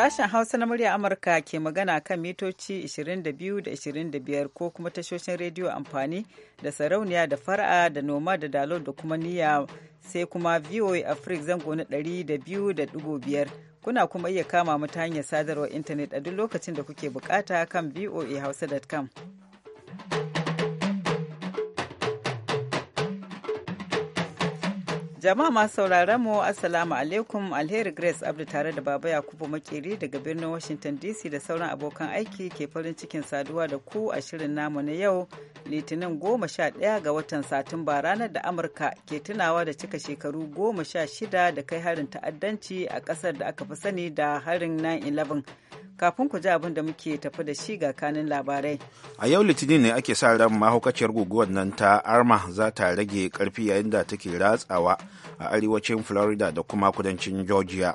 Sashen Hausa na murya Amurka ke magana kan mitoci 22 da 25 ko kuma tashoshin rediyo amfani da sarauniya da fara da noma da dalo da kuma niya sai kuma VOA Africa zango na 200.5 kuna kuma iya kama mu hanyar sadarwar intanet a duk lokacin da kuke bukata kan VOA voahausa.com. Jama'a masu sauraron mu Assalamu alaikum Alheri Grace Abdu tare da Baba Yakubu Makeri daga birnin Washington DC da sauran abokan aiki ke farin cikin saduwa da ku a shirin namu na yau Litinin goma sha ɗaya ga watan Satumba ranar da Amurka ke tunawa da cika shekaru goma sha shida da kai harin ta'addanci a kasar da aka fi sani da harin 9-11. kafin ku ji abin da muke tafi da shi ga kanin labarai. A yau litinin ne ake sa ran mahaukaciyar guguwar nan ta arma za ta rage karfi yayin da take ratsawa a arewacin florida da kuma kudancin georgia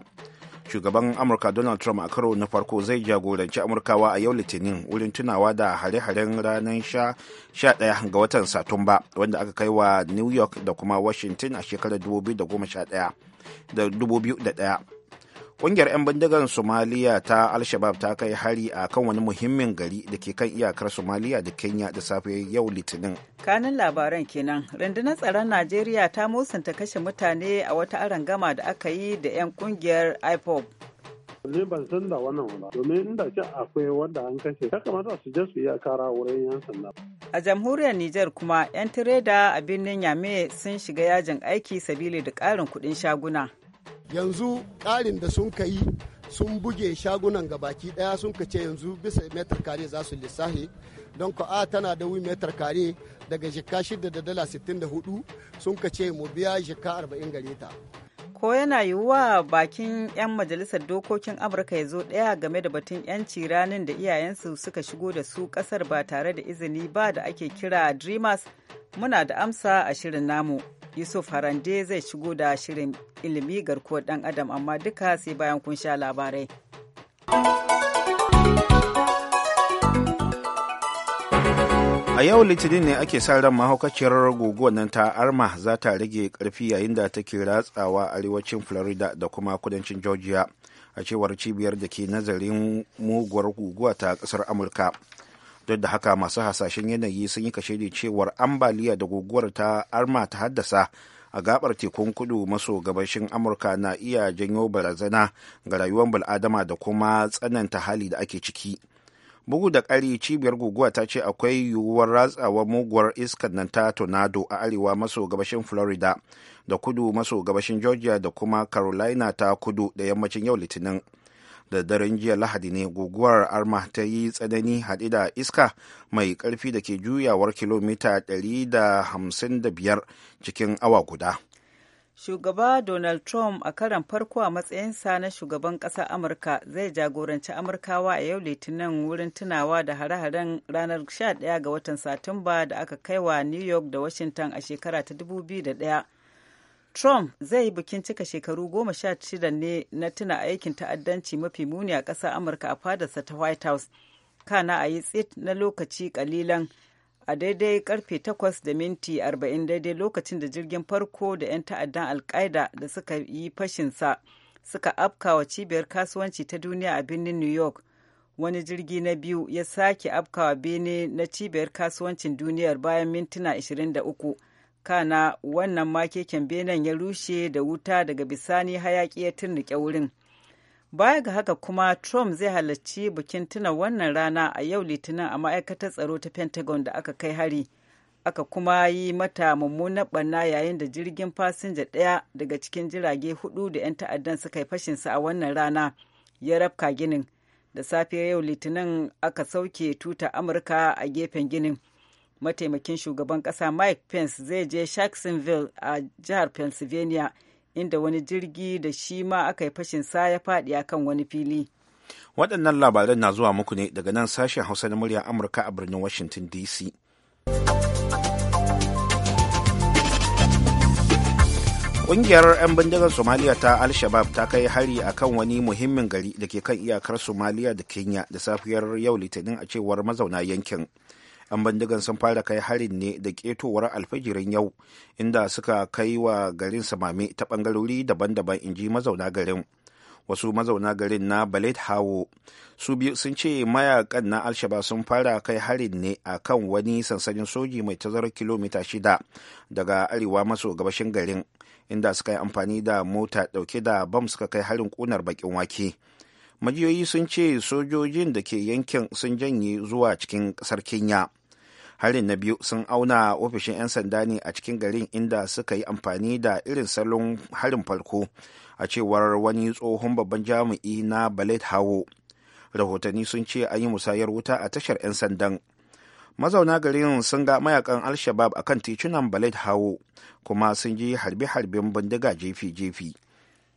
shugaban amurka donald trump a karo na farko zai jagoranci amurkawa a yau litinin wurin tunawa da hare-haren ranar 11 ga watan satumba wanda aka kai wa new york da kuma washington a shekarar 2011 ƙungiyar 'yan bindigar somaliya ta alshabab ta kai hari a kan wani muhimmin gari da ke kan iyakar somaliya da kenya da safe yau litinin kanin labaran kenan rundunar tsaron najeriya ta musanta kashe mutane a wata arangama da aka yi da 'yan ƙungiyar ipob ne ban san da wannan ba domin inda ce akwai wanda an kashe ya kamata su je su iya kara wurin yan sanda a jamhuriyar Nijar kuma yan tireda a birnin Yame sun shiga yajin aiki sabili da ƙarin kuɗin shaguna yanzu ƙarin da sun ka yi sun buge shagunan gabaki daya sun ka ce yanzu bisa metar kare za su lissahi don ko a tana da wi metar kare daga jika 6 da dala 64 sun ka ce mu biya jika 40 gare ta ko yana yiwuwa bakin 'yan majalisar dokokin amurka ya zo daya game da batun 'yanci ranin da iyayensu suka shigo da su kasar ba tare da izini ba da ake kira dreamers muna da amsa a shirin namu Yusuf Harande zai shigo da shirin ilimi garkuwar ɗan adam amma duka sai bayan kun sha labarai. A yau Litinin ne ake sa ran mahaukaciyar guguwar nan ta Arma za ta rage karfi yayin da take ratsawa arewacin Florida da kuma kudancin Georgia a cewar cibiyar da ke nazarin muguwar guguwa ta ƙasar Amurka. duk da haka masu hasashen yanayi sun yi kashedi cewar ambaliya da guguwar ta arma ta haddasa a gabar tekun kudu maso gabashin amurka na iya janyo barazana ga rayuwar bal'adama da kuma tsananta hali da ake ciki bugu da ƙari cibiyar guguwa ta ce akwai yiwuwar ratsawar muguwar iskar nan ta tornado a arewa maso gabashin florida da kudu maso gabashin georgia da kuma carolina ta kudu da yammacin yau litinin da daren jiya lahadi ne guguwar arma ta yi tsanani haɗe da iska mai ƙarfi da ke juyawar kilomita 155 cikin awa guda shugaba donald trump a karan farko a matsayinsa na shugaban ƙasar amurka zai jagoranci amurkawa a yau litinin wurin tunawa da hare-haren ranar 11 ga watan satumba da aka kaiwa wa new york da washington a shekara ta 2001 Trump zai yi bikin cika shekaru goma sha shida ne na tuna aikin ta'addanci mafi muni a ƙasar Amurka a fadarsa ta White House. Kana a yi tsit na lokaci kalilan a daidai karfe 8 da minti 40 daidai lokacin da jirgin farko da 'yan ta'addan alkaida da suka yi fashinsa suka afkawa cibiyar kasuwanci ta duniya a birnin New York. Wani jirgi na biyu ya sake afkawa bene na cibiyar kasuwancin duniyar bayan mintuna 23. kana wannan make kyambenan ya rushe da wuta daga bisani hayaki ya turnike wurin baya ga haka kuma trump zai halarci bikin tuna wannan rana a yau litinin a ma'aikatar tsaro ta pentagon da aka kai hari aka kuma yi mata mummunan barna yayin da jirgin fasinja ɗaya daga cikin jirage hudu da 'yan ta'addan suka yi fashinsa a wannan rana ya rafka ginin da safe yau litinin aka sauke tuta amurka a gefen ginin mataimakin shugaban kasa mike pence zai je jacksonville a jihar pennsylvania inda wani jirgi da shi ma aka yi fashin sa ya faɗi kan wani fili waɗannan labaran na zuwa muku ne daga nan sashen hausa na murya amurka a birnin washington dc Ƙungiyar 'yan bindigar Somaliya ta Al-Shabaab ta kai hari a kan wani muhimmin gari da ke kan iyakar Somaliya da Kenya da safiyar yau Litinin a cewar mazauna yankin. 'yan bandigan sun fara kai harin ne da ketowar alfajirin yau inda suka kai wa garin samame ta bangarori daban-daban in ji mazauna garin wasu mazauna garin na balet hawo su biyu sun ce mayakan na alshaba sun fara kai harin ne a kan wani sansanin soji mai tazarar kilomita shida daga arewa maso gabashin garin inda suka yi amfani da mota dauke da bam suka kai harin kunar bakin wake. majiyoyi sun ce sojojin da ke yankin sun janye zuwa cikin ƙasar kenya harin na biyu sun auna ofishin 'yan sanda ne a cikin garin inda suka yi amfani da irin salon harin farko a cewar wani tsohon babban jami'i na ballet hawo rahotanni sun ce an yi musayar wuta a tashar 'yan sandan mazauna garin sun ga mayakan al-shabab a kan titunan balad hawo kuma sun ji harbe-harben bindiga jefi-jefi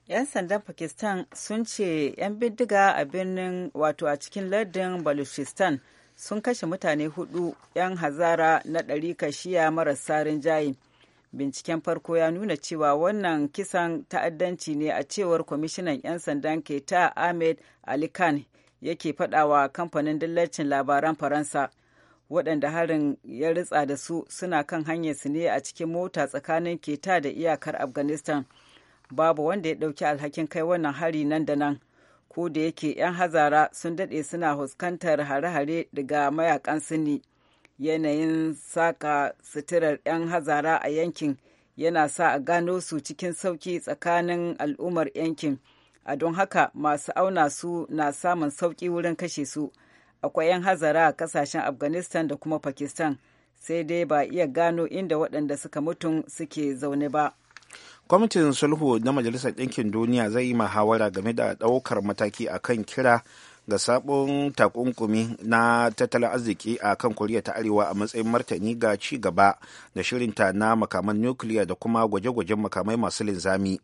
'yan sandan pakistan sun ce 'yan bindiga a birnin wato a cikin lardin baluchistan sun kashe mutane hudu 'yan hazara na ɗari kashiya marasa jayi binciken farko ya nuna cewa wannan kisan ta'addanci ne a cewar kwamishinan 'yan sandan keta ahmed ali khan yake faɗawa kamfanin dillacin labaran faransa waɗanda harin ya ritsa da su suna kan hanyar su ne a cikin mota tsakanin keta da iyakar afghanistan babu wanda ya ɗauki alhakin kai wannan hari nan da nan ko da yake 'yan hazara sun daɗe suna huskantar hare-hare daga mayakan sini yanayin saka suturar 'yan hazara a yankin yana sa a gano su cikin sauki tsakanin al'ummar yankin a don haka masu auna su na samun sauki wurin kashe su akwai 'yan hazara a kasashen afghanistan da kuma pakistan sai dai ba iya gano inda waɗanda suka mutum suke zaune ba. kwamitin sulhu na majalisar ɗinkin duniya zai yi muhawara game da ɗaukar mataki a kan kira ga sabon takunkumi na tattalin arziki a kan koriya ta arewa a matsayin martani ga ci gaba da shirinta na makaman nukiliya da kuma gwaje-gwajen makamai masu linzami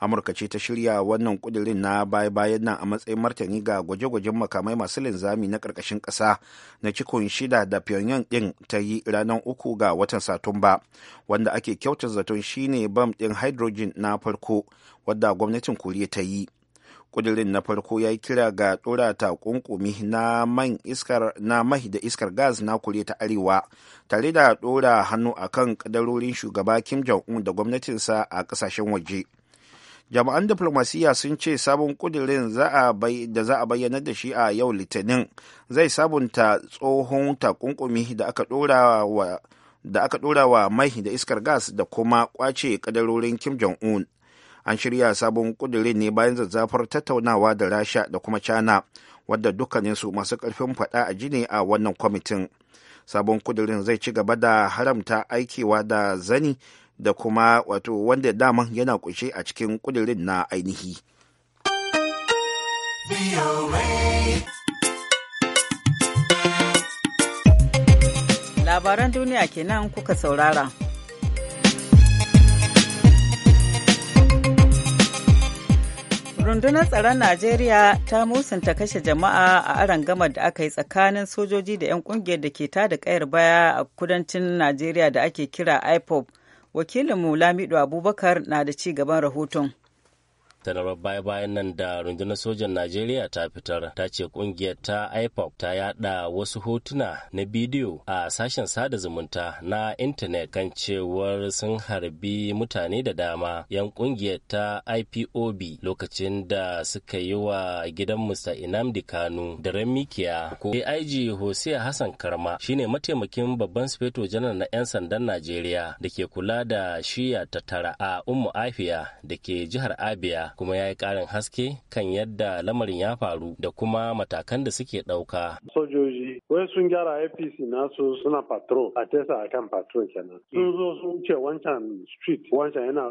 amurka ce ta shirya wannan kudirin na baya-bayan nan a matsayin martani ga gwaje-gwajen makamai masu linzami na ƙarƙashin ƙasa na cikon shida da pyongyang din ta yi ranar uku ga watan satumba wanda ake kyautar zaton shine bam ɗin hydrogen na farko wadda gwamnatin koriya ta yi kudirin na farko ya yi kira ga ɗora ta kunkumi na mai da iskar gas na kure ta arewa tare da ɗora hannu akan kadarorin shugaba kim jong un da gwamnatinsa a ƙasashen waje jami'an diflomasiyya sun ce sabon kudirin da za a bayyana da shi a yau litinin zai sabunta tsohon takunkumi da aka dora wa mai da iskar gas da kuma kwace kadarorin kim jong-un an shirya sabon kudirin ne bayan zazzafar tattaunawa da rasha da kuma china wadda dukkaninsu masu karfin fada a jini a wannan kwamitin sabon kudirin zai ci gaba da haramta aikewa da zani da kuma wato wanda daman yana kunshe a cikin kudirin na ainihi. Labaran duniya kenan kuka saurara. rundunar tsaron najeriya ta musanta kashe jama'a a aron gamar da aka yi tsakanin sojoji da 'yan kungiyar da ke ta da kayar baya a kudancin najeriya da ake kira ipop wakilinmu lamido abubakar na da ci gaban rahoton sanarwar baya-bayan nan da rundunar sojan najeriya ta fitar ta ce kungiyar ta ipop ta yada wasu hotuna na bidiyo a sashen sada zumunta na intanet kan cewar sun harbi mutane da dama yan kungiyar ta ipob lokacin da suka yi wa gidan musa inamdi kanu da ramikiya ko aig hosea hassan karma shine mataimakin babban sufeto janar na 'yan sandan najeriya da ke kula da shiya ta tara a ummu afiya da ke jihar abia kuma ya yi karin haske kan yadda lamarin ya faru da kuma matakan da suke ɗauka. Sojoji wai sun gyara APC nasu suna patro a tesa a kan patro kenan. Sun zo sun wuce wancan street wancan yana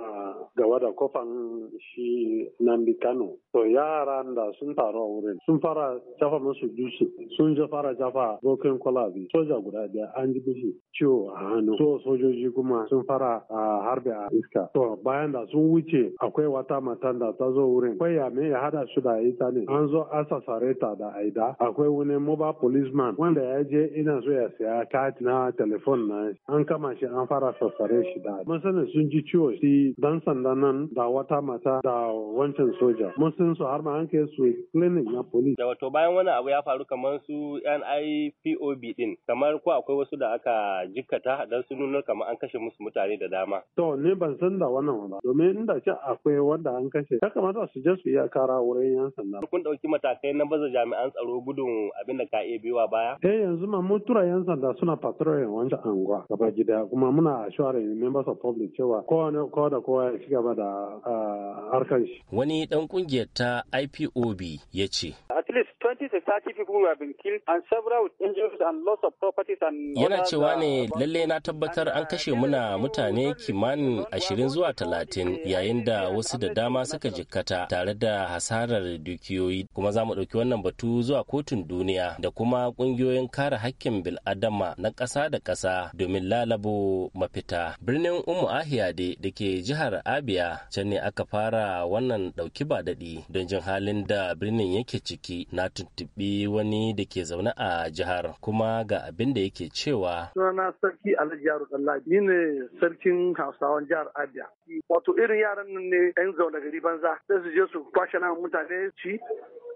gaba da kofan shi Nambi Kano. To yaran da sun taru a wurin sun fara jafa musu dusu sun je fara jafa bokin kwalabi soja guda biyar an ji bishi ciwo a hannu. So sojoji kuma sun fara ah, harbe a iska. To bayan da sun wuce akwai wata matan da ta zo wurin ya me ya hada su da ita ne an zo asasare ta da aida akwai wani mobile policeman wanda ya je ina so ya siya kati na telefon na an kama shi an fara sassare shi da mun sani sun ji ciwo shi dan sanda nan da wata mata da wancan soja mun san su har ma an kai su clinic na police da wato bayan wani abu ya faru kamar su NIPOB din kamar ko akwai wasu da aka jikkata dan su nuna kamar an kashe musu mutane da dama to ne ban san da wannan ba domin inda ce akwai wanda an kashe ya kamata su je su iya kara wurin yan sanda. Kun ɗauki matakai na baza jami'an tsaro gudun abinda da ka iya biwa baya? Eh yanzu ma mun tura yan sanda suna patrolling wancan anguwa gaba gida kuma muna shawara members of public cewa kowane kowa da kowa ya ci gaba da ah, harkar shi. Wani ɗan kungiyar ta IPOB ya ce. At least 20 to 30 people who have been killed and several injuries and loss of properties and yana cewa ne lalle na tabbatar an kashe muna mutane kimanin ashirin zuwa talatin yayin da wasu da dama suka jikkata tare da hasarar dukiyoyi kuma za mu ɗauki wannan batu zuwa kotun duniya da kuma ƙungiyoyin kare hakkin bil'adama na ƙasa da ƙasa domin lalabo mafita birnin umu ahiyade da ke jihar abia can ne aka fara wannan ɗauki ba daɗi don jin halin da birnin yake ciki na tuntuɓi wani da ke zaune a jihar kuma ga abin da yake cewa. Sunana sarki Alhaji Yaro Dallabi ni ne sarkin Hausawan jihar Abia. Wato irin yaran nan ne 'yan zaune gari banza sai su je su kwashe nan mutane ci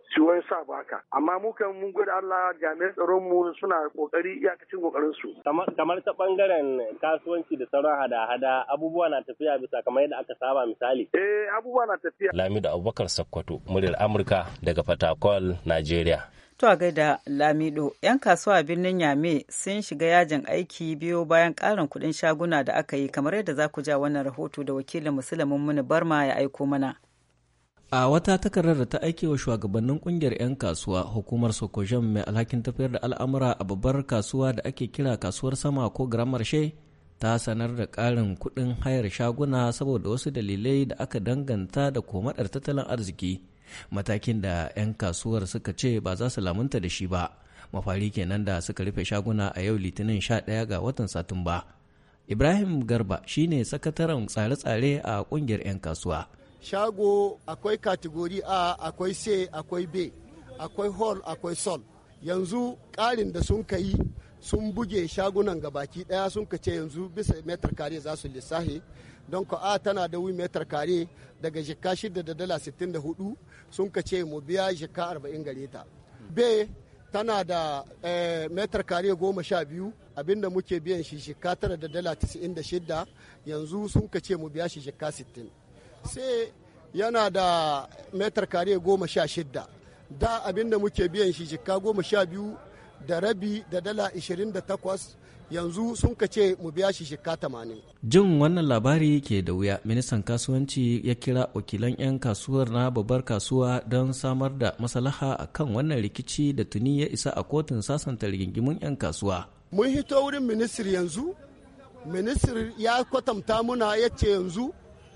shi sa sa ka amma mu kan mun gwada Allah jami'an tsaron mu suna kokari iyakacin kokarin su kamar ta bangaren kasuwanci da sauran hada-hada abubuwa na tafiya bisa kamar yadda aka saba misali eh abubuwa na tafiya Lamido Abubakar Sakkwato muryar Amurka daga Fatakol Nigeria To a gaida Lamido, 'yan kasuwa birnin Yame sun shiga yajin aiki biyo bayan ƙarin kuɗin shaguna da aka yi kamar yadda za ku ja wannan rahoto da wakilin musulmin muni Barma ya aiko mana. a wata takarar da ta aike wa shugabannin kungiyar 'yan kasuwa hukumar sokojan mai alhakin tafiyar da al'amura a babbar kasuwa da ake kira kasuwar sama ko gramarshe ta sanar da ƙarin kuɗin hayar shaguna saboda wasu dalilai da aka danganta da komadar tattalin arziki matakin da 'yan kasuwar suka ce ba za su lamunta da shi ba mafari kenan da suka rufe shaguna a yau litinin sha 11 ga watan satumba ibrahim garba shine sakataren tsare-tsare a kungiyar 'yan kasuwa shago akwai kategori a akwai c akwai b akwai hall akwai sol yanzu ƙarin da sun yi sun buge shagunan gabaki ɗaya sun ce yanzu bisa metar kare za su lissahi don ko a tana da wi metar kare daga jikka shida da dala sittin da hudu sun ce mu biya jikka 40 gare ta b tana da eh, metar kare goma sha biyu abinda muke biyan shi jikka tara da dala 96 da yanzu sun ce mu biya shi jikka sittin sai yana da metar kare goma sha shidda da abin da muke biyan shi jikka goma sha biyu da rabi da dala ishirin da takwas yanzu sun kace mu biya shi shika tamanin. Jin wannan labari ke da wuya ministan kasuwanci ya kira wakilan 'yan kasuwar na babbar kasuwa don samar da masalaha a kan wannan rikici da tuni ya isa a kotun sasanta rigingimun 'yan kasuwa. Mun hito wurin ministir yanzu, ministri ya kwatanta muna ya ce yanzu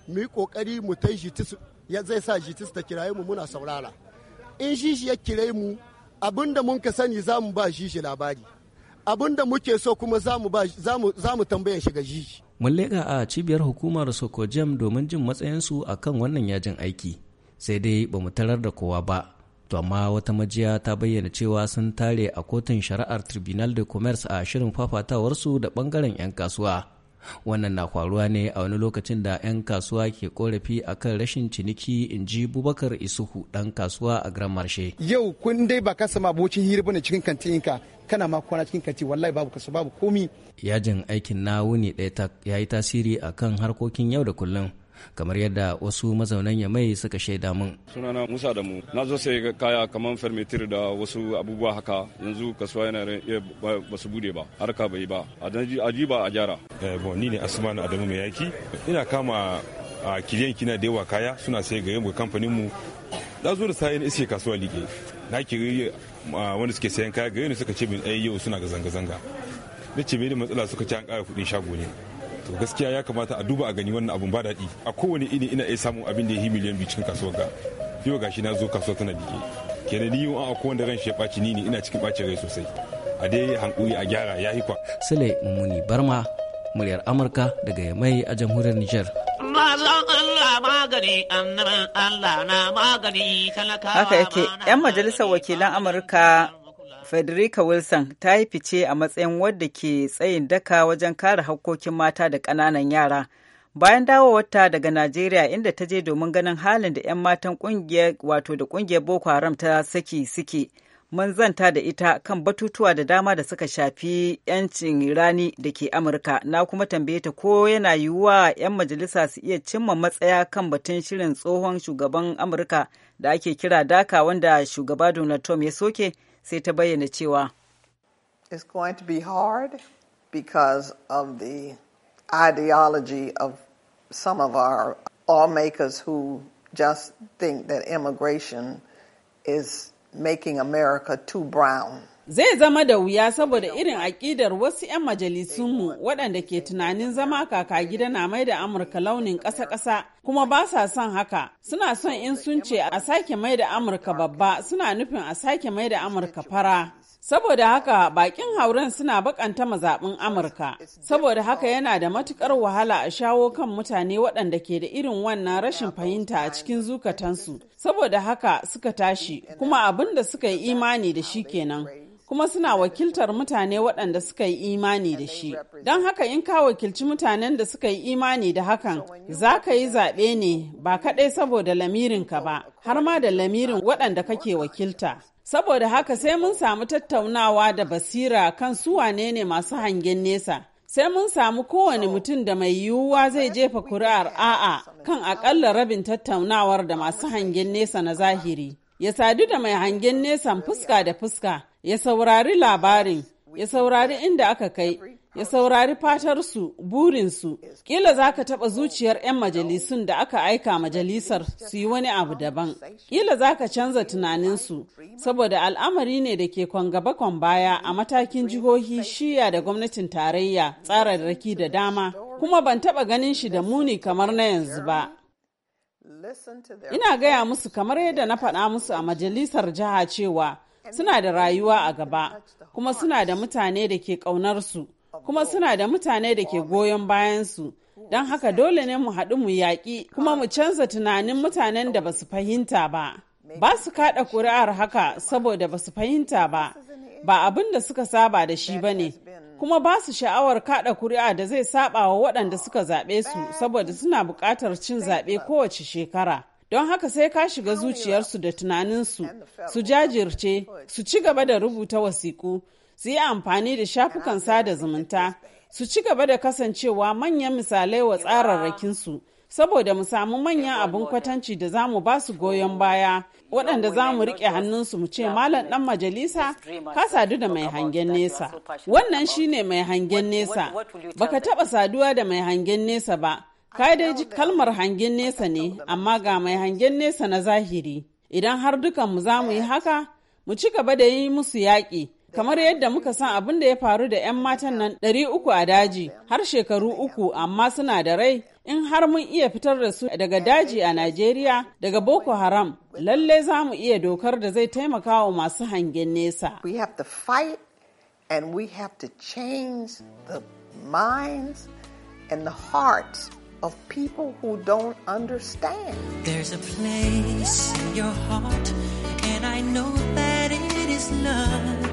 mu yi kokari mu ta jitis ya zai sa jitis ta kiraye mu muna saurara in shishi ya kire mu abinda mun ka sani za mu ba shishi labari abinda muke so kuma za mu tambaya shiga shishi mun leƙa a cibiyar hukumar sokojem domin jin matsayinsu a kan wannan yajin aiki sai dai ba mu tarar da kowa ba to amma wata majiya ta bayyana cewa sun tare a kotun shari'ar tribunal de commerce a shirin fafatawarsu da bangaren 'yan kasuwa wannan na faruwa ne a wani lokacin da 'yan kasuwa ke korafi kan rashin ciniki in ji bubakar isuhu dan kasuwa a gran marshe yau kun dai ba ka sama abocin hira bane cikin kantinka kana ma kwana cikin kanti wallahi babu kasu babu komi yajin aikin na wuni ɗaya ya yi tasiri akan harkokin yau da kullum kamar yadda wasu mazaunan Yamai suka shaida mun. Sunana Musa da mu. Na zo sai kaya kamar fermitir da wasu abubuwa haka yanzu kasuwa yana ba su bude ba harka bai ba a ji ba a jara. Eh, ni ne Asmanu Adamu mai yaki ina kama a kiliyan kina da yawa kaya suna sai ga yamma kamfanin mu da zo da sayan iske kasuwa lige na kiri wanda suke sayan kaya ga yau suka ce min ai eh, yau suna ga zanga-zanga ne ce bai da matsala suka ci an kara kudin shago ne to gaskiya ya kamata a duba a gani wannan abun ba daɗi a kowane ini ina iya samun abin da ya yi miliyan biyu cikin kasuwar ga yau gashi na zo kasuwar tana dike kenan ni yau an a kowane ran shi ya ɓaci ni ne ina cikin ɓacin rai sosai a dai hankuri a gyara ya yi kwa. sule mummuni barma muryar amurka daga yamai a jamhuriyar niger. haka yake 'yan majalisar wakilan amurka Federica Wilson ta yi fice a matsayin wadda ke tsayin daka wajen kare hakkokin mata da kananan yara. Bayan dawowarta daga Najeriya inda ta je domin ganin halin da 'yan matan ƙungiyar wato da ƙungiyar Boko Haram ta saki suke. Mun zanta da ita kan batutuwa da dama da suka shafi 'yancin rani da ke Amurka. Na kuma tambaye ta ko yana yiwuwa 'yan majalisa su iya cimma matsaya kan batun shirin tsohon shugaban Amurka da ake kira daka wanda shugaba Donald Trump ya soke. It's going to be hard because of the ideology of some of our lawmakers who just think that immigration is making America too brown. Zai zama da wuya saboda irin aƙidar wasu 'yan majalisunmu waɗanda ke tunanin zama kaka gida na mai da Amurka launin ƙasa-ƙasa kuma ba sa son haka. Suna son in sun ce a sake mai da Amurka babba suna nufin a sake mai da Amurka fara. Saboda haka bakin hauren suna bakanta mazaɓin Amurka. Saboda haka yana da matukar wahala a shawo kan mutane waɗanda ke da irin wannan rashin fahimta a cikin zukatansu. Saboda haka suka tashi kuma abin da suka yi imani da shi kenan. kuma suna wakiltar mutane waɗanda suka yi imani da shi. Don haka in ka wakilci mutanen da suka yi imani da hakan, za ka yi zaɓe ne ba kaɗai saboda ka ba, har ma da lamirin waɗanda kake wakilta. Saboda haka sai mun samu tattaunawa da basira kan su wane ne masu hangen nesa. Sai mun samu kowane mutum da mai yiwuwa zai jefa kuri'ar a'a kan akalla rabin tattaunawar da masu hangen nesa na zahiri. Ya sadu da mai hangen nesan fuska da fuska ya saurari labarin, ya saurari inda aka kai, ya saurari fatarsu, burinsu, kila za ka taɓa zuciyar 'yan majalisun da aka aika majalisar su yi wani abu daban, kila za ka canza tunaninsu, saboda al'amari ne da ke kwan baya a matakin jihohi shiya da gwamnatin tarayya tsararraki da dama, kuma ban taɓa ganin shi da muni kamar na yanzu ba. Ina gaya musu kamar yadda na faɗa musu a majalisar jiha cewa suna da rayuwa a gaba kuma suna da mutane da ke ƙaunarsu kuma suna da mutane da ke goyon bayansu don haka dole ne mu haɗu mu yaƙi kuma mu canza tunanin mutanen da ba su fahimta ba ba su kaɗa ƙuri'ar haka saboda ba su fahimta ba ba abin da suka saba da shi ba ne kuma ba su sha'awar kaɗa kuri'a da zai saba wa waɗanda suka zaɓe su saboda suna buƙatar cin zaɓe kowace shekara. don haka sai ka shiga zuciyarsu da tunaninsu su jajirce su ci gaba da rubuta wasiku su yi amfani da shafukan sada zumunta su ci gaba da kasancewa manyan misalai wa tsararrakinsu saboda mu samu manyan abin kwatanci da za mu ba su goyon baya waɗanda za mu riƙe hannunsu mu ce malam ɗan majalisa ka sadu da mai hangen nesa wannan shine mai hangen nesa baka taɓa saduwa da mai hangen nesa ba Ka dai ji kalmar hangen nesa ne, amma ga mai hangen nesa na zahiri. Idan har mu za mu yi haka, mu ci gaba da yi musu yaƙi. Kamar yadda muka san abin da ya faru da 'yan matan nan ɗari uku a daji har shekaru uku amma suna da rai in har mun iya fitar da su daga daji a Najeriya daga Boko Haram lalle za mu iya dokar da zai taimaka wa masu hangen nesa. We have to fight and we have to change the minds and the hearts of people who don't understand. There's a place in your heart, and I know that it is love.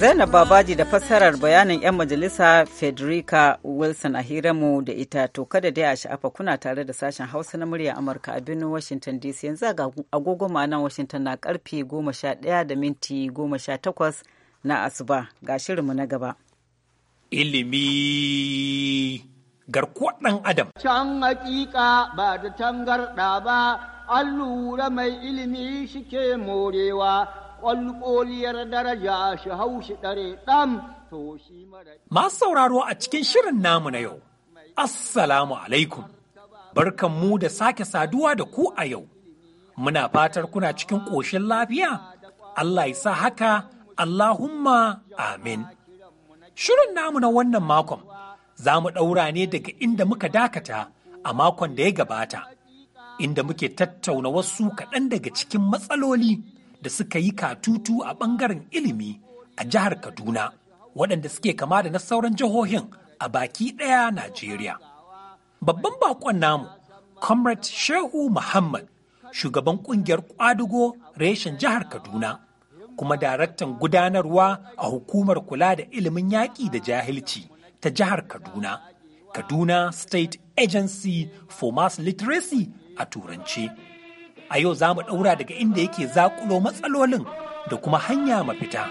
Zainab Babaji da fassarar bayanin 'yan majalisa Federica Wilson a hiramu da ita to kada dai a sha'afa kuna tare da sashen Hausa na murya Amurka a birnin Washington DC yanzu a agogo ma'anan Washington na karfe 11 da minti 18 na asuba ga shirinmu na gaba. Ilimi garkuwar ɗan adam. Can hakika ba da tangarɗa ba, an lura mai ilimi shi ke morewa, ƙwalƙoliyar daraja shi haushi shi ɗare ɗan to shi mara. Masu sauraro a cikin shirin namu na yau, Assalamu alaikum, barkan mu da sake saduwa da ku a yau. Muna fatar kuna cikin ƙoshin lafiya, Allah ya sa haka, Allahumma amin. Shirin namu na wannan makon. za mu ɗaura ne daga inda muka dakata a makon da ya gabata, inda muke tattauna wasu kaɗan daga cikin matsaloli da suka yi katutu a ɓangaren ilimi a jihar Kaduna, waɗanda suke kama da na sauran jihohin a baki ɗaya Najeriya. Babban baƙon namu, Comrade Shehu Muhammad, shugaban ƙungiyar ƙwadugo reshen jihar Kaduna, kuma daraktan gudanarwa a hukumar kula da ilimin yaƙi da jahilci. ta jihar Kaduna, Kaduna State Agency for Mass Literacy a Turance. A yau za mu ɗaura daga inda yake zakulo matsalolin da kuma hanya mafita.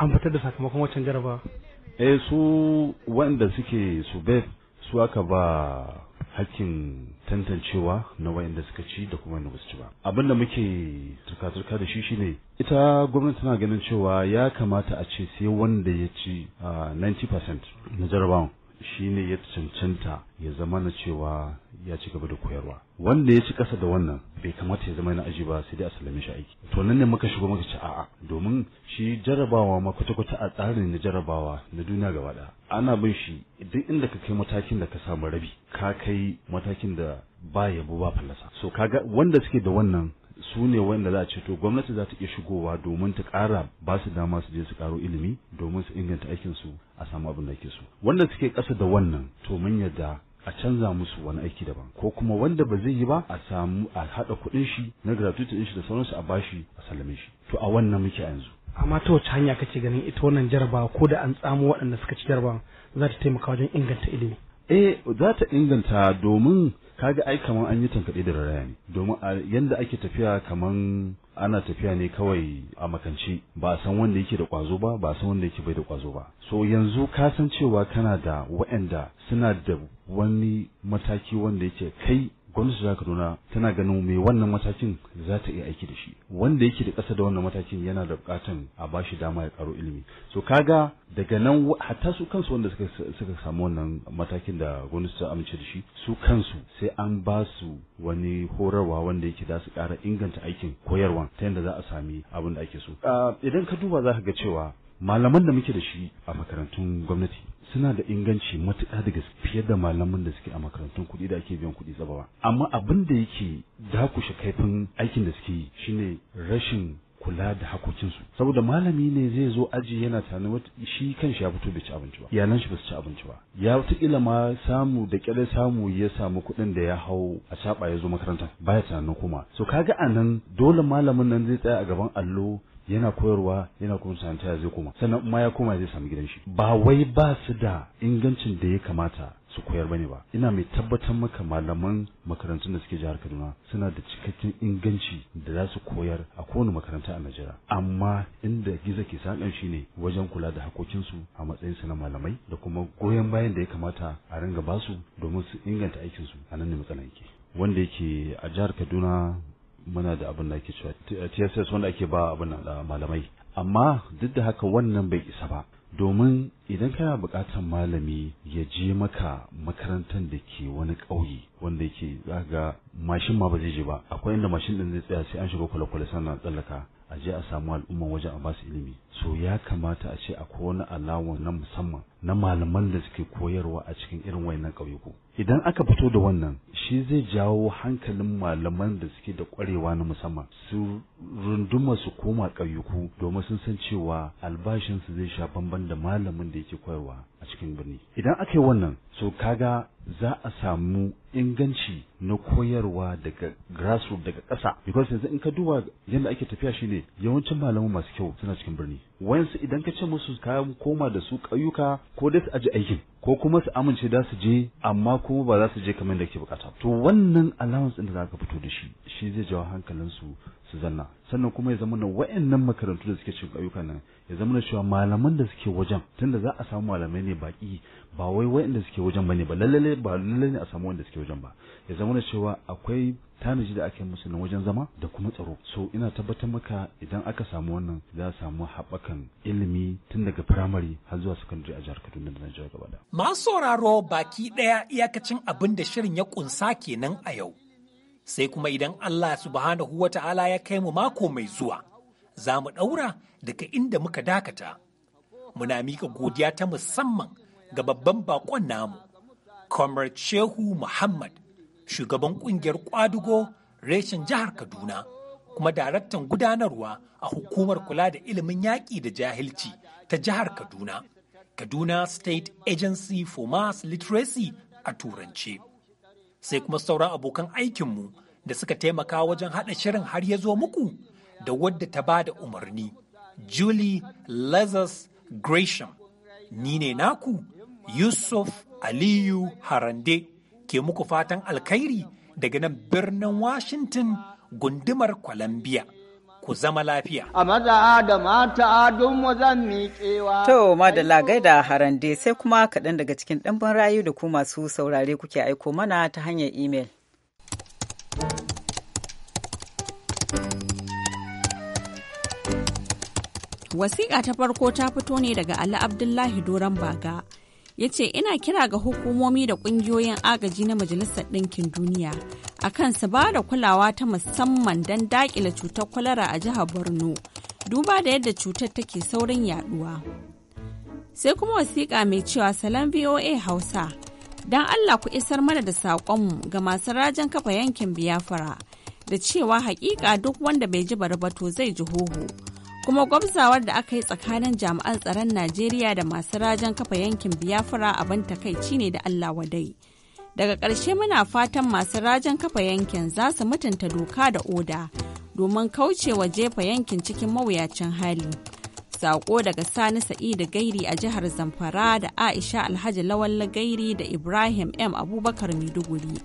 An fitar da sakamakon waccan jaraba. eh su wanda suke su su aka ba hakkin tantancewa na wayanda suka ci da kuma wanda wasu ci ba abin da muke turka-turka da shi shine ita gwamnati tana ganin cewa ya kamata a ce sai wanda ya ci 90% ah, na jarabawan Shi ne ya cancanta ya zama na cewa ya ci gaba da koyarwa wanda ya ci kasa da wannan bai kamata ya zama na aji ba sai dai a sallame shi aiki to nan ne muka shigo muka ci a'a domin shi jarabawa ma kwata-kwata a tsarin na jarabawa na duniya gaba ɗaya ana bin shi duk inda ka kai matakin da ka samu rabi ka kai matakin da ba yabo ba fallasa so kaga wanda suke da wannan su ne wanda za a ce to gwamnati za ta iya shigowa domin ta ƙara ba su dama su je su ƙaro ilimi domin su inganta aikinsu a samu abin da ake so wanda suke ƙasa da wannan to mun yarda a canza musu wani aiki daban ko kuma wanda ba zai yi ba a samu a haɗa kuɗin shi na gratuity din shi da sauransu a bashi a sallame shi to a wannan muke yanzu amma ta wace hanya kake ganin ita wannan jarabawa ko da an tsamo waɗanda suka ci jarabawa za ta taimaka wajen inganta ilimi eh za ta inganta domin kaga ai kaman an yi tankaɗe da raraya ne domin a yanda ake tafiya kaman ana tafiya ne kawai a makanci ba a san wanda yake da kwazo ba ba a san wanda yake bai da kwazo ba so yanzu ka san cewa kana da waɗanda suna da wani mataki wanda yake kai gwamnati jihar kaduna tana ganin mai wannan matakin za ta iya aiki da shi wanda yake da ƙasa da wannan matakin yana da buƙatan a ba shi dama ya karo ilimi so kaga daga nan hatta su kansu wanda suka samu wannan matakin da gwamnati ta amince da shi su kansu sai an ba su wani horarwa wanda yake da su ƙara inganta aikin koyarwa ta yadda za a sami abin da ake so ah, idan ka duba za ka ga cewa malaman da muke da shi a makarantun gwamnati suna da inganci matuƙa daga fiye da malaman da suke a makarantun kuɗi da ake biyan kuɗi zabawa amma abin da yake dakushe kaifin aikin da suke yi shine rashin kula da hakokinsu saboda malami ne zai zo aji yana wata shi kanshi ya fito bai ci abinci ba iyalan shi ba su ci abinci ba ya wataƙila ma samu da ƙyale samu ya samu kuɗin da ya hau a saba ya zo makaranta baya tunanin kuma so kaga anan dole malamin nan zai tsaya a gaban allo yana koyarwa yana kuma ya zai koma sannan ma ya koma zai samu gidan shi ba wai ba su da ingancin da ya kamata su koyar bane ba ina mai tabbatar maka malaman makarantun da suke jihar Kaduna suna da cikakken inganci da za su koyar a kowane makaranta a Najeriya amma inda giza ke sakan shi ne wajen kula da hakokinsu a matsayin su na malamai da kuma goyon bayan da ya kamata a ringa basu domin su inganta aikinsu a nan ne matsalan yake wanda yake a jihar Kaduna muna da abin da ake cewa TSS eh, wanda ake ba abin da eh, malamai amma duk da haka wannan bai isa ba domin idan kana buƙatar malami ya je maka makarantar da ke wani ƙauye wanda yake za ga mashin ma ba zai je ba akwai inda mashin din zai tsaya sai an shiga kwale-kwale sannan tsallaka a je a samu al'umma wajen a ba su ilimi so ya kamata a ce akwai wani alawa na musamman na malaman da suke koyarwa a cikin irin wayannan ƙauyuku idan aka fito da wannan shi zai jawo hankalin malaman da suke da ƙwarewa na musamman su runduma su koma ƙauyuku domin sun san cewa albashinsu zai sha bamban da malamin da yake koyarwa a cikin birni idan aka yi wannan so kaga za a samu inganci na koyarwa daga grassroots daga ƙasa because yanzu in ka duba yadda ake tafiya shi ne yawancin malamu masu kyau suna cikin birni wayansu idan ka ce musu kayan koma da su ƙauyuka ko dai su aji aikin ko kuma su amince da su je amma kuma ba za su je kamar da ke bukata to wannan allowance din da za ka fito da shi shi zai jawo hankalin su su zanna sannan kuma ya zama na wa'annan makarantu da suke cin ayyuka nan ya zama na cewa malaman da suke wajen tunda za a samu malamai ne baki ba wai wa'anda suke wajen bane ba lalle ba lalle ne a samu wanda suke wajen ba ya zama na cewa akwai tanaji da aka yi musu wajen zama da kuma tsaro so ina tabbatar maka idan aka samu wannan za a samu haɓakan ilimi tun daga firamare har zuwa sakandare a jihar Kaduna da Najeriya gaba da. Masu sauraro baki ɗaya iyakacin abin da shirin ya kunsa kenan a yau. Sai kuma idan Allah subhanahu wa ta'ala ya kai mu mako mai zuwa, za mu ɗaura daga inda muka dakata. Muna miƙa godiya ta musamman ga babban baƙon namu, Comrade Shehu Muhammad shugaban kungiyar kwadugo reshen jihar kaduna kuma daraktan gudanarwa a hukumar kula da ilimin yaƙi da jahilci ta jihar kaduna kaduna state agency for mass literacy a turance sai kuma sauran abokan aikinmu da suka taimaka wajen haɗa shirin har ya zo muku da wadda ta ba da umarni julie lazarus gresham ni ne naku yusuf aliyu harande ke muku fatan alkhairi daga nan birnin Washington gundumar Columbia. Ku zama lafiya. A maza da mata don zan miƙewa. To, madalla gaida harande sai kuma kaɗan daga cikin ɗanbin rayu da ku masu saurare kuke aiko mana ta hanyar imel. Wasiƙa ta farko ta fito ne daga Ali Abdullahi doran Baga. ya ce ina kira ga hukumomi da kungiyoyin agaji na majalisar ɗinkin duniya a kan su ba da kulawa ta musamman don daƙile cutar kwalara a jihar borno duba da yadda cutar take saurin yaduwa sai kuma wasiƙa mai cewa salon voa hausa don allah ku isar mana da saƙonmu ga masu rajin kafa yankin biyafara da cewa haƙiƙa duk wanda bai ji barbato zai ji hoho kuma gwabzawar da aka yi tsakanin jami'an tsaron najeriya da masu rajen kafa yankin biyafura abin takaici ne da allah wadai daga ƙarshe muna fatan masu rajen kafa yankin za su mutunta doka da oda domin kaucewa jefa yankin cikin mawuyacin hali Saƙo daga sani sa'idu gairi a jihar zamfara da aisha alhaji lawalla gairi da ibrahim m abubakar maiduguri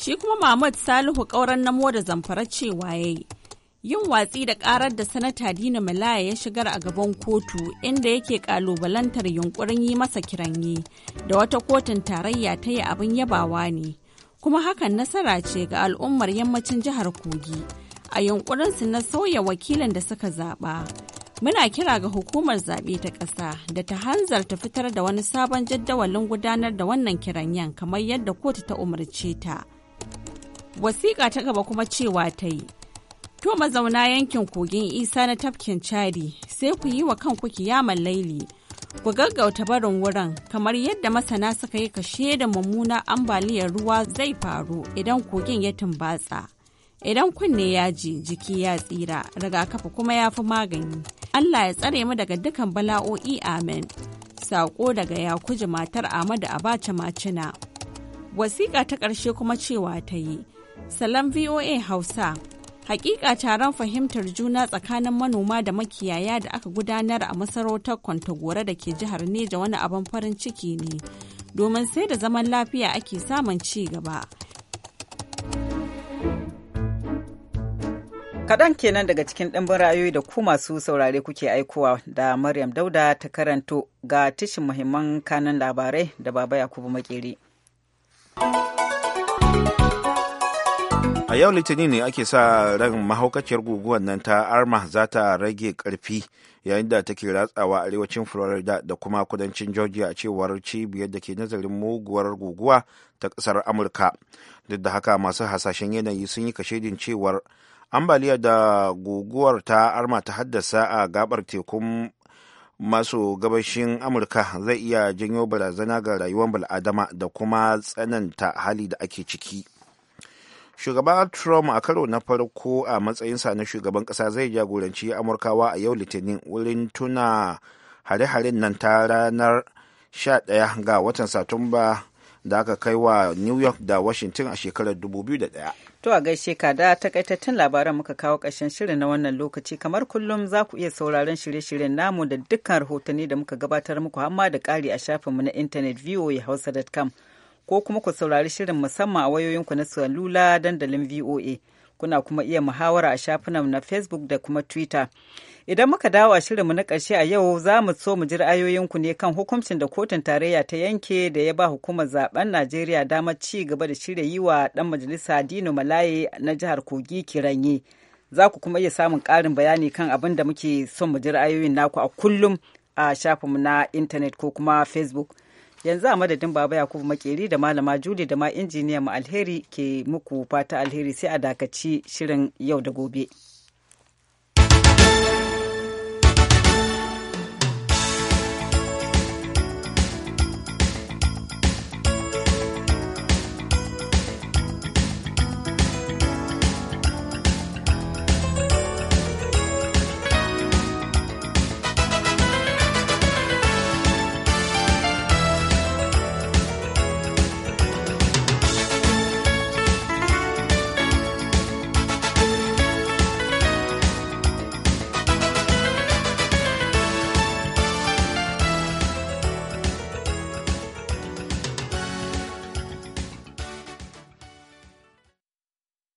shi kuma mahmud salihu ƙauren namo da zamfara cewa yayi yin watsi da karar da sanata dina malaya ya shigar a gaban kotu inda yake kalubalantar yunkurin yi masa kiranye da wata kotun tarayya ta yi abin yabawa ne kuma hakan nasara ce ga al'ummar yammacin jihar kogi a yunkurinsu na sauya wakilin da suka zaɓa muna kira ga hukumar zaɓe ta ƙasa da ta hanzarta fitar da wani sabon jadawalin gudanar da wannan kiranyen kamar yadda kotu ta umarce ta wasiƙa ta gaba kuma cewa ta yi To mazauna yankin kogin isa na tafkin Chadi sai ku yi wa kanku kiyaman laili. Ku gaggauta barin wurin kamar yadda masana suka yi kashe da mummuna ambaliyar ruwa zai faru idan kogin ya tumbatsa. Idan kunne ya ji jiki ya tsira rigakafi kuma ya fi magani. Allah ya tsare mu daga dukan bala'o'i amen. Saƙo daga kuji matar amadu Abacha Macina. Wasiƙa ta ƙarshe kuma cewa ta yi. Salam VOA Hausa. Hakika taron fahimtar juna tsakanin manoma da makiyaya da aka gudanar a masarautar Kwantagora da ke jihar Neja wani abin farin ciki ne, domin sai da zaman lafiya ake samun ci gaba. Kaɗan kenan daga cikin ɗimbin rayoyi da ku masu saurare kuke aikowa da Maryam Dauda ta karanto ga tishin muhimman kanan labarai da Baba Yakubu Makeri. a yau litinin ne ake sa ran mahaukaciyar guguwar nan ta arma za ta rage karfi yayin da take ratsawa arewacin florida da kuma kudancin georgia a cewar cibiyar da ke nazarin muguwar guguwa ta kasar amurka duk da haka masu hasashen yanayi sun yi kashedin cewar ambaliya da guguwar ta arma ta haddasa a gabar tekun maso gabashin amurka zai iya janyo barazana ga rayuwar bil'adama da kuma tsananta hali da ake ciki. shugaba trump a karo na farko a matsayinsa na shugaban kasa zai jagoranci amurkawa a yau litinin wurin tuna hare-haren nan ta ranar 11 ga watan satumba da aka kai wa new york da washington a shekarar 2001 to a gaishe ka da takaitattun labaran muka kawo ƙarshen shirin na wannan lokaci kamar kullum za ku iya sauraron shirye-shiryen namu da dukkan rahotanni da muka gabatar muku hamma da ƙari a shafinmu na intanet voahausa.com ko kuma ku saurari shirin musamman a wayoyinku na salula dandalin VOA. Kuna kuma iya muhawara a shafinan na Facebook da kuma Twitter. Idan muka dawo a shirinmu na ƙarshe a yau za mu so mu ji ra'ayoyinku ne kan hukuncin da kotun tarayya ta yanke da ya ba hukumar zaben Najeriya damar ci gaba da shirya yi wa ɗan majalisa Dino Malaye na jihar Kogi kiranye. Za ku kuma iya samun ƙarin bayani kan abin da muke son mu ji ra'ayoyin naku a kullum a shafinmu na intanet ko kuma Facebook. yanzu a madadin baba yakubu makeri da malama juli da ma injiniya mu alheri ke muku fata alheri sai a dakaci shirin yau da gobe.